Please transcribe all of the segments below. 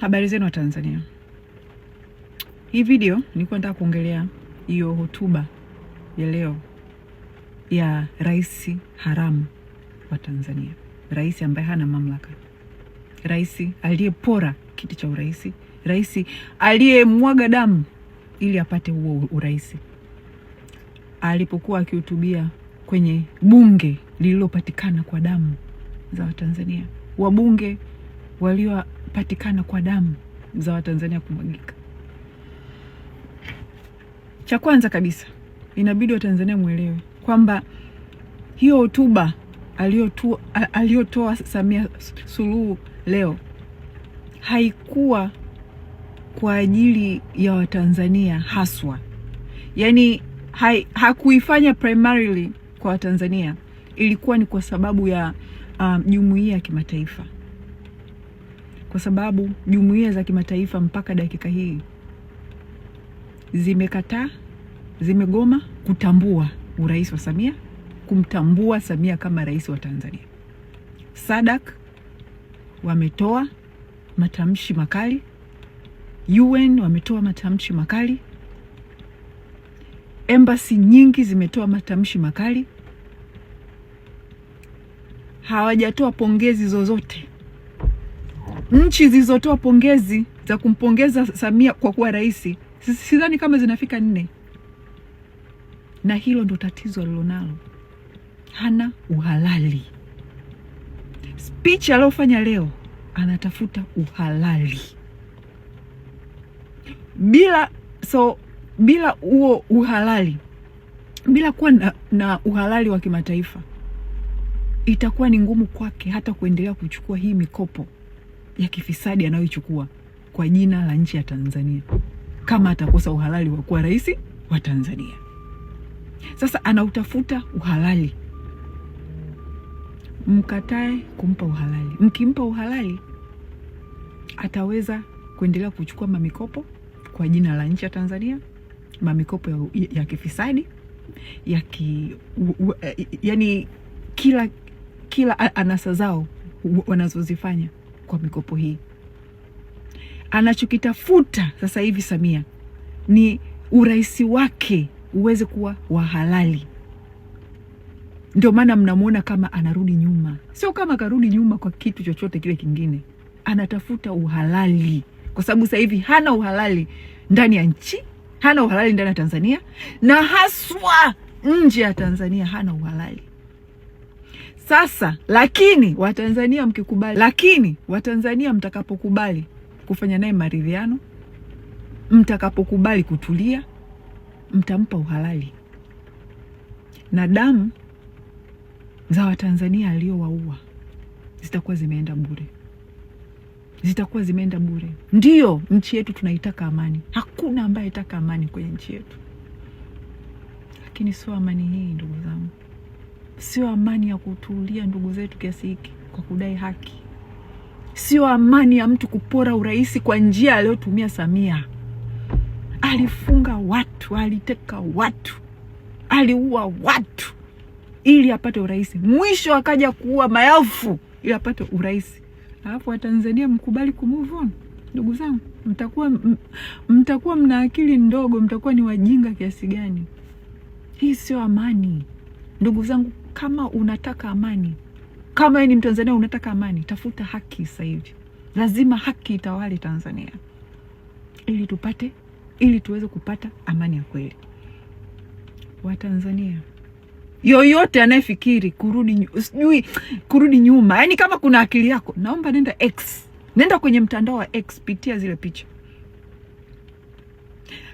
Habari zenu wa Tanzania. Hii video nilikuwa nataka kuongelea hiyo hotuba ya leo ya rais haramu wa Tanzania, rais ambaye hana mamlaka, rais aliyepora kiti cha urais, rais aliyemwaga damu ili apate huo urais, alipokuwa akihutubia kwenye bunge lililopatikana kwa damu za Watanzania, wabunge walio kupatikana kwa damu za Watanzania kumwagika. Cha kwanza kabisa, inabidi Watanzania mwelewe kwamba hiyo hotuba aliyotoa Samia Suluhu leo haikuwa kwa ajili ya Watanzania haswa, yaani hakuifanya primarily kwa Watanzania, ilikuwa ni kwa sababu ya um, jumuiya um, ya kimataifa kwa sababu jumuiya za kimataifa mpaka dakika hii zimekataa, zimegoma kutambua urais wa Samia, kumtambua Samia kama rais wa Tanzania. Sadak wametoa matamshi makali, UN wametoa matamshi makali, embassy nyingi zimetoa matamshi makali. Hawajatoa pongezi zozote nchi zilizotoa pongezi za kumpongeza Samia kwa kuwa rais sidhani kama zinafika nne, na hilo ndo tatizo alilonalo, hana uhalali. Speech aliyofanya leo anatafuta uhalali bila so bila huo uhalali, bila kuwa na, na uhalali wa kimataifa itakuwa ni ngumu kwake hata kuendelea kuchukua hii mikopo ya kifisadi anayoichukua kwa jina la nchi ya Tanzania kama atakosa uhalali wa kuwa rais wa Tanzania. Sasa anautafuta uhalali, mkatae kumpa uhalali. Mkimpa uhalali, ataweza kuendelea kuchukua mamikopo kwa jina la nchi ya Tanzania, mamikopo ya, ya kifisadi ya ki, u, u, e, yani kila kila anasa zao wanazozifanya kwa mikopo hii. Anachokitafuta sasa hivi Samia ni urahisi wake uweze kuwa wa halali. Ndio maana mnamwona kama anarudi nyuma, sio kama akarudi nyuma kwa kitu chochote kile kingine, anatafuta uhalali, kwa sababu sasa hivi hana uhalali ndani ya nchi, hana uhalali ndani ya Tanzania na haswa nje ya Tanzania hana uhalali. Sasa lakini Watanzania mkikubali, lakini Watanzania mtakapokubali kufanya naye maridhiano, mtakapokubali kutulia, mtampa uhalali na damu za Watanzania aliowaua zitakuwa zimeenda bure, zitakuwa zimeenda bure. Ndiyo, nchi yetu tunaitaka amani. Hakuna ambaye aitaka amani kwenye nchi yetu, lakini sio amani hii, ndugu zangu sio amani ya kutulia ndugu zetu kiasi hiki kwa kudai haki, sio amani ya mtu kupora urais kwa njia aliyotumia Samia. Alifunga watu, aliteka watu, aliua watu ili apate urais, mwisho akaja kuua maelfu ili apate urais, alafu Watanzania mkubali kumove on. Ndugu zangu, mtakuwa mtakuwa mna akili ndogo, mtakuwa ni wajinga kiasi gani? Hii sio amani ndugu zangu kama unataka amani, kama ni Mtanzania unataka amani, tafuta haki sasa hivi. Lazima haki itawale Tanzania ili tupate, ili tuweze kupata amani ya kweli. Watanzania yoyote anayefikiri kurudi sijui kurudi nyuma, yaani kama kuna akili yako, naomba nenda X, nenda kwenye mtandao wa X, pitia zile picha.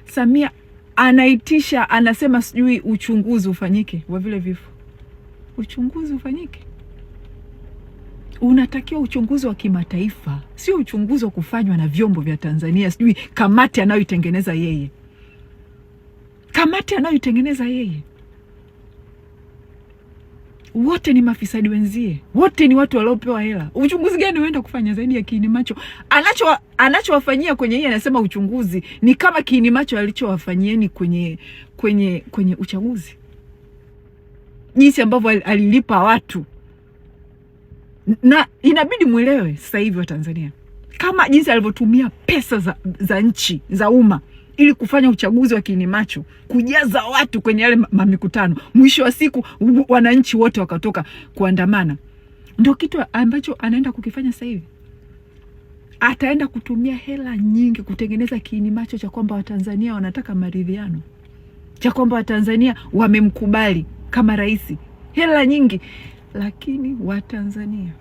Samia anaitisha, anasema sijui uchunguzi ufanyike wa vile vifo uchunguzi ufanyike. Unatakiwa uchunguzi wa kimataifa, sio uchunguzi wa kufanywa na vyombo vya Tanzania, sijui kamati anayoitengeneza yeye, kamati anayoitengeneza yeye. Wote ni mafisadi wenzie, wote ni watu waliopewa hela. Uchunguzi gani huenda kufanya zaidi ya kiini macho anacho anachowafanyia kwenye hii? Anasema uchunguzi ni kama kiini macho alichowafanyieni kwenye kwenye kwenye uchaguzi jinsi ambavyo alilipa watu, na inabidi mwelewe sasa hivi wa Tanzania kama jinsi alivyotumia pesa za, za nchi za umma ili kufanya uchaguzi wa kiinimacho kujaza watu kwenye yale mamikutano, mwisho wa siku wananchi wote wakatoka kuandamana. Ndio kitu ambacho anaenda kukifanya sasa hivi. Ataenda kutumia hela nyingi kutengeneza kiinimacho cha kwamba Watanzania wanataka maridhiano, cha kwamba Watanzania wamemkubali kama rais, hela nyingi, lakini Watanzania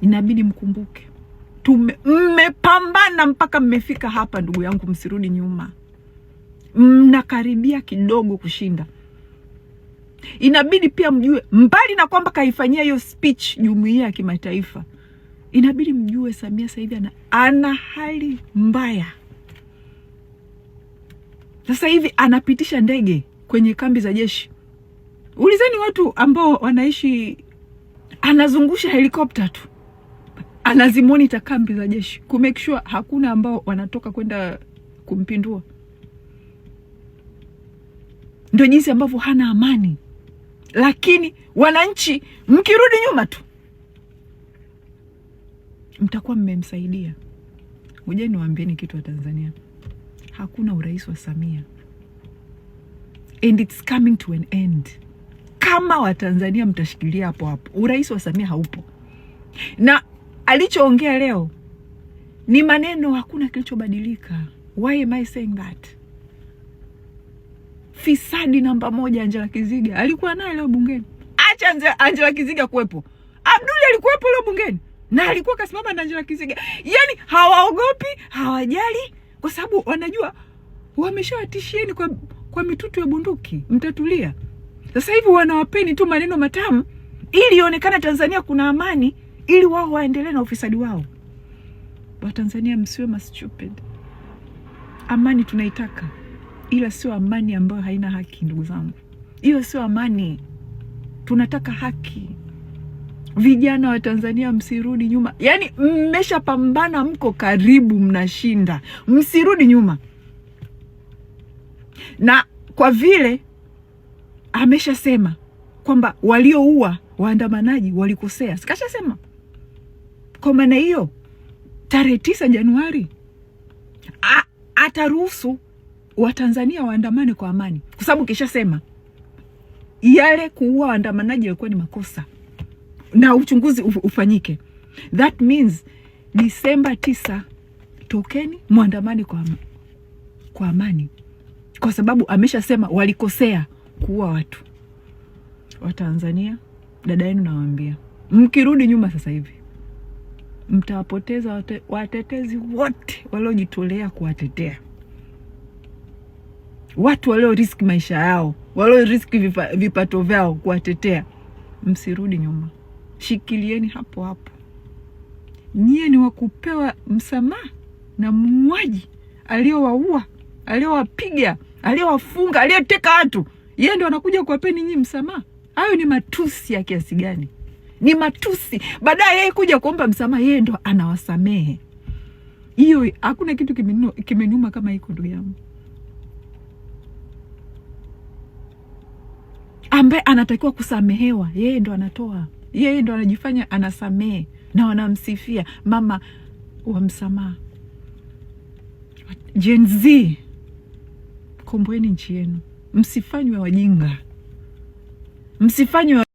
inabidi mkumbuke, mmepambana mpaka mmefika hapa. Ndugu yangu, msirudi nyuma, mnakaribia kidogo kushinda. Inabidi pia mjue, mbali na kwamba kaifanyia hiyo speech jumuiya ya kimataifa, inabidi mjue Samia sasa hivi ana, ana hali mbaya. Sasa hivi anapitisha ndege kwenye kambi za jeshi. Ulizeni watu ambao wanaishi, anazungusha helikopta tu anazimonita kambi za jeshi ku make sure hakuna ambao wanatoka kwenda kumpindua. Ndio jinsi ambavyo hana amani, lakini wananchi, mkirudi nyuma tu mtakuwa mmemsaidia. Ngoja niwaambieni kitu wa Tanzania, hakuna urais wa Samia and it's coming to an end. Kama Watanzania mtashikilia hapo hapo, urais wa Samia haupo, na alichoongea leo ni maneno, hakuna kilichobadilika. Why am I saying that? Fisadi namba moja Angela Kiziga alikuwa naye leo bungeni. Acha Angela Kiziga kuwepo, Abduli alikuwepo leo bungeni na alikuwa kasimama na Angela Kiziga. Yani hawaogopi, hawajali, kwa sababu wanajua wameshawatishieni kwa kwa mitutu ya bunduki, mtatulia? Sasa hivi wanawapeni tu maneno matamu ili ionekana Tanzania kuna amani, ili wao waendelee na ufisadi wao. Watanzania msiwe stupid. Amani tunaitaka, ila sio amani ambayo haina haki. Ndugu zangu, hiyo sio amani. Tunataka haki. Vijana wa Tanzania msirudi nyuma, yaani mmeshapambana, mko karibu, mnashinda, msirudi nyuma na kwa vile ameshasema kwamba walioua waandamanaji walikosea, sikashasema. Kwa maana hiyo tarehe tisa Januari ataruhusu Watanzania waandamane kwa amani, kwa sababu kishasema yale kuua waandamanaji yalikuwa ni makosa na uchunguzi ufanyike. That means Disemba tisa, tokeni mwandamane kwa, kwa amani kwa sababu ameshasema walikosea kuua watu. Watanzania, dada yenu nawaambia, mkirudi nyuma sasa hivi mtawapoteza wate, watetezi wote waliojitolea kuwatetea watu walio riski maisha yao, walio riski vipa, vipato vyao kuwatetea. Msirudi nyuma, shikilieni hapo hapo. Nyie ni wakupewa msamaha na muuaji aliowaua aliowapiga aliyewafunga, aliyeteka watu, yeye ndo anakuja kuwapeni nyinyi msamaha. Hayo ni matusi ya kiasi gani? Ni matusi. Baadaye yeye kuja kuomba msamaha, yeye ndo anawasamehe. Hiyo hakuna kitu kimenyuma kama hiko, ndugu yangu, ambaye anatakiwa kusamehewa, yeye ndo anatoa, yeye ndo anajifanya anasamehe na wanamsifia mama wa msamaha. Gen Z ikomboeni nchi yenu, msifanywe wajinga, msifanywe